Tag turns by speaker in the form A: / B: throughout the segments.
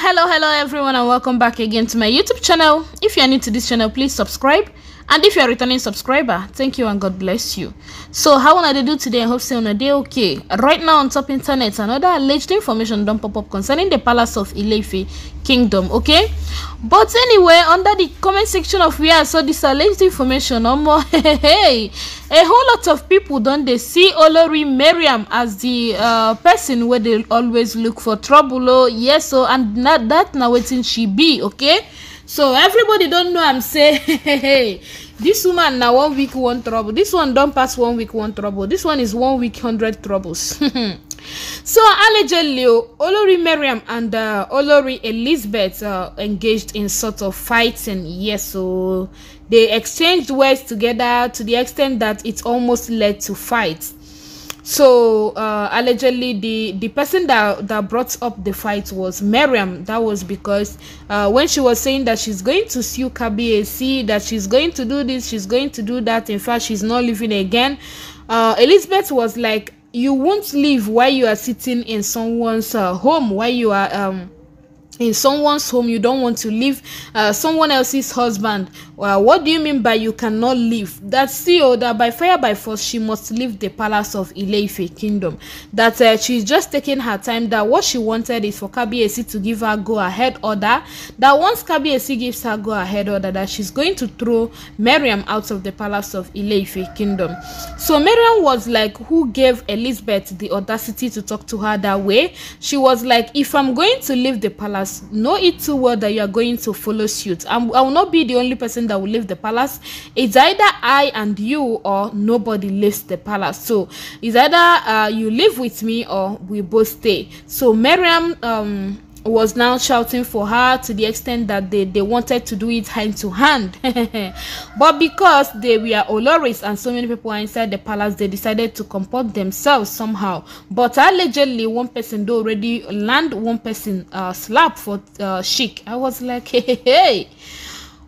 A: hello hello everyone and welcome back again to my youtube channel if you are new to this channel please subscribe and if you're a returning subscriber thank you and god bless you so how wanna they do today i hope so on a day okay right now on top internet another alleged information don't pop up concerning the palace of ilefe kingdom okay but anyway under the comment section of where i saw this alleged information no more hey, a whole lot of people don't they see olori miriam as the uh, person where they always look for trouble oh yes so oh, and not that now waiting she be okay so everybody don know am say hey, hey, this woman na one week one trouble this one don pass one week one trouble this one is one week hundred troubles so allegedly oh, olori mariam and uh, olori elizabeth uh, engaged in sort of fighting yes so they exchanged words together to the extent that it almost led to fights so uh, allegedly the the person that that brought up the fight was Miriam that was because uh, when she was saying that she's going to sue KBAC that she's going to do this she's going to do that in fact she's not leaving again uh, Elizabeth was like you won't leave while you are sitting in someone's uh, home while you are um in someone's home you don't want to leave uh, someone else's husband well, uh, what do you mean by you cannot leave that CEO oh, that by fire by force she must leave the palace of Ileife kingdom that uh, she's just taking her time that what she wanted is for KBSC to give her go ahead order that once KBSC gives her go ahead order that she's going to throw Miriam out of the palace of Ileife kingdom so Miriam was like who gave Elizabeth the audacity to talk to her that way she was like if I'm going to leave the palace palace know it too well that you are going to follow suit I'm, i will not be the only person that will leave the palace it's either i and you or nobody leaves the palace so it's either uh, you live with me or we both stay so miriam um was now shouting for her to the extent that they, they wanted to do it hand to hand. but because they were Oloris and so many people were inside the palace, they decided to comport themselves somehow. But allegedly, one person they already land one person uh, slap for uh, Sheik. I was like, hey, hey, hey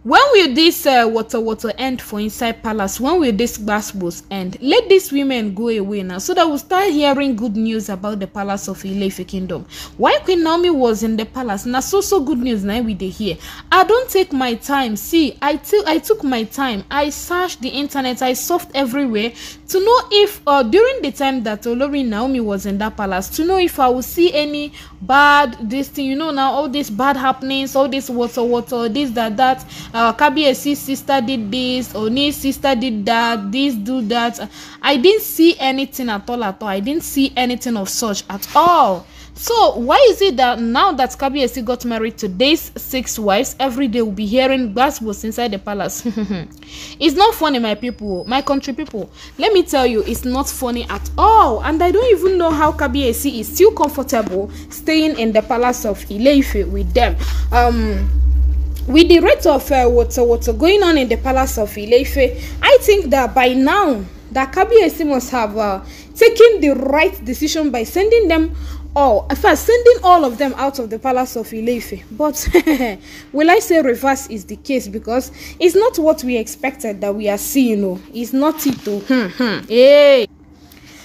A: when will this uh, water water end for inside palace when will this gospels end let these women go away now so that we we'll start hearing good news about the palace of ilefe kingdom while queen naomi was in the palace now so so good news now we dey hear i don't take my time see i took i took my time i searched the internet i surfed everywhere to know if uh, during the time that olori naomi was in that palace to know if i would see any bad this thing you know now all these bad happenings all this water water this that that uh, Kabiyesi sister did this Ooni sister did that this do that I didn't see anything at all at all I didn't see anything of such at all so why is it that now that Kabiyesi got married to these six wives, every day we'll be hearing gossips inside the palace? it's not funny, my people, my country people. Let me tell you, it's not funny at all. And I don't even know how Kabiyesi is still comfortable staying in the palace of ile with them. Um, with the rate of uh, water water going on in the palace of Ileife, I think that by now that Kabiyesi must have uh, taken the right decision by sending them all, first sending all of them out of the palace of Ileife. But will I say reverse is the case because it's not what we expected that we are seeing. No, oh. it's not it. Oh. Hmm, hmm. Hey.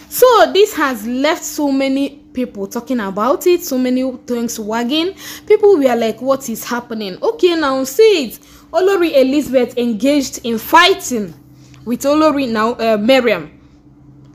A: So this has left so many people talking about it so many things wagging people were like what is happening okay now see it olori elizabeth engaged in fighting with olori now uh, miriam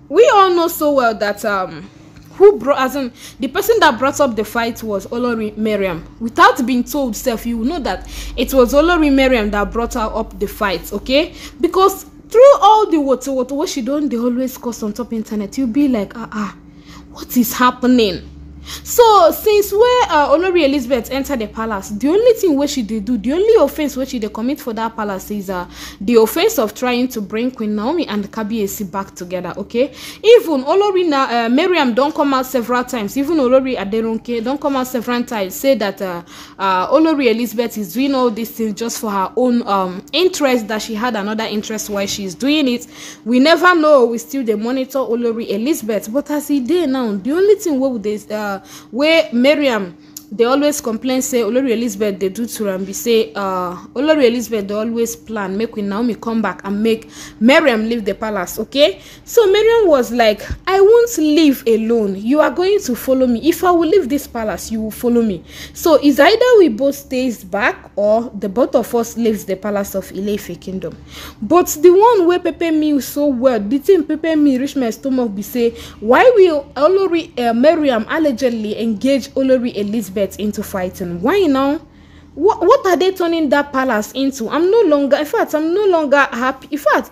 A: we all know so well that um who brought as in the person that brought up the fight was Olori Miriam. Without being told self, you know that it was Olori Miriam that brought her up the fight, okay? Because through all the what what what she done, they always cause on top internet. You'll be like, ah uh ah. -uh. What is happening? so since wey uh, olori elizabeth enter the palace the only thing wey she dey do the only offence wey she dey commit for that palace is uh, the offence of trying to bring queen naomi and kabiyesi back together okay even olori na uh, mariam don come out several times even olori aderonke don come out several times say that uh, uh, olori elizabeth is doing all these things just for her own um, interest that she had another interest why she is doing it we never know we still dey monitor olori elizabeth but as e dey now the only thing wey we dey. Uh, where Miriam they always complain say olori elizabeth they do to am be say uh, olori elizabeth they always plan make queen naomi come back and make Miriam leave the palace okay so Miriam was like i won't leave alone you are going to follow me if i will leave this palace you will follow me so it's either we both stays back or the both of us leaves the palace of ileife kingdom but the one where Pepe me so well the thing Pepe me reach my stomach be say why will olori uh, allegedly engage olori elizabeth experts into fighting. Why now? What, what are they turning that palace into? I'm no longer, in fact, I'm no longer happy. In fact,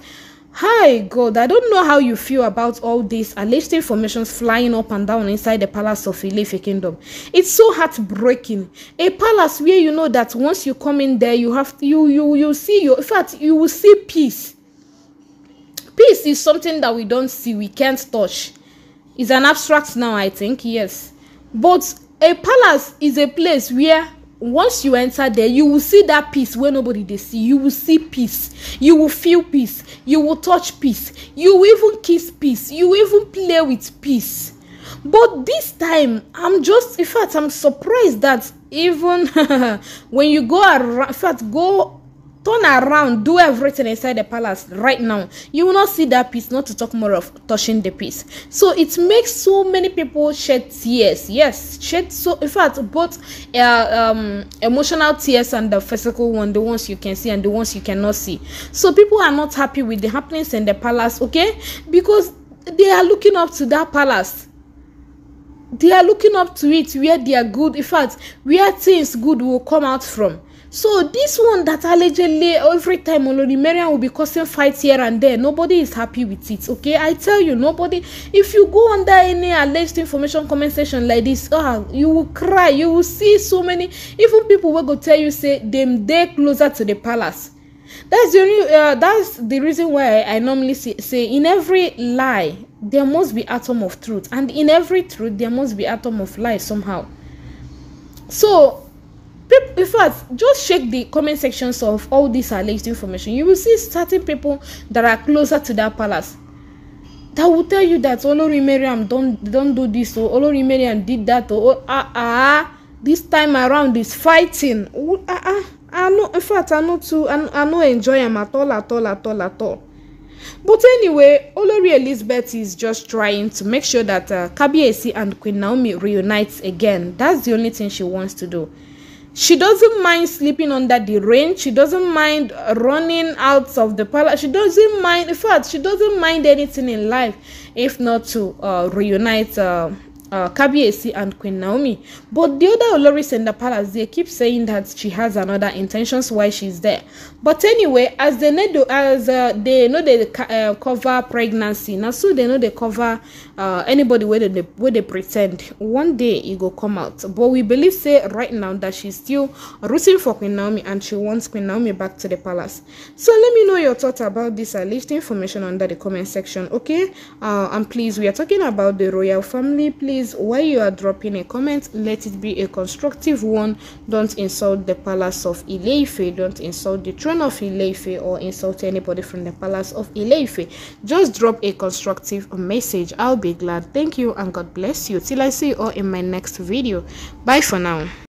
A: hi God, I don't know how you feel about all these alleged informations flying up and down inside the palace of Ilefe Kingdom. It's so heartbreaking. A palace where you know that once you come in there, you have you you you see your. In fact, you will see peace. Peace is something that we don't see, we can't touch. It's an abstract now, I think. Yes, but a palace is a place where once you enter there you will see that peace wey nobody dey see you will see peace you will feel peace you will touch peace you will even kiss peace you will even play with peace but this time i'm just in fact i'm surprised that even when you go around in fact go turn around do everything inside the palace right now you will not see that piece not to talk more of touching the piece so it makes so many people shed tears yes shed so in fact both uh, um, emotional tears and the physical one the ones you can see and the ones you cannot see so people are not happy with the happenings in the palace okay because they are looking up to that palace they are looking up to it where they are good in fact where things good will come out from so this one that allegedly every time olori mariam will be causing fights here and there nobody is happy with it okay i tell you nobody if you go under any alleged information comment section like this ah you will cry you will see so many even people wey go tell you say dem dey closer to the palace that's the only uh, that's the reason why i normally say, say in every lie there must be atom of truth and in every truth there must be atom of lie somehow so in fact just check the comment sections of all this alleged information you will see certain people that are closer to that palace that will tell you that olori mariam don don do this o olori mariam did that o ah, ah ah this time around is fighting ah ah i no in fact i no too i, I no enjoy am at all at all at all at all but anyway olori elizabeth is just trying to make sure that uh, kabiyesi and queen naomi reunite again that's the only thing she wants to do she doesn't mind sleeping under the rain she doesn't mind running out of the palace she doesn't mind in fact she doesn't mind anything in life if not to uh, reunite uh, uh, Kabiesi and Queen Naomi. But the other Oloris in the palace, they keep saying that she has another intentions why she's there. But anyway, as they know, as uh, they know they uh, cover pregnancy, now so they know they cover uh, anybody where they where they pretend. One day it go come out. But we believe say right now that she's still rooting for Queen Naomi and she wants Queen Naomi back to the palace. So let me know your thoughts about this. I the information under the comment section, okay? Uh, and please, we are talking about the royal family. Please please while you are dropping a comment let it be a constructive one don't insult the palace of Ileife don't insult the throne of Ileife or insult anybody from the palace of Ileife just drop a constructive message I'll be glad thank you and God bless you till I see you all in my next video bye for now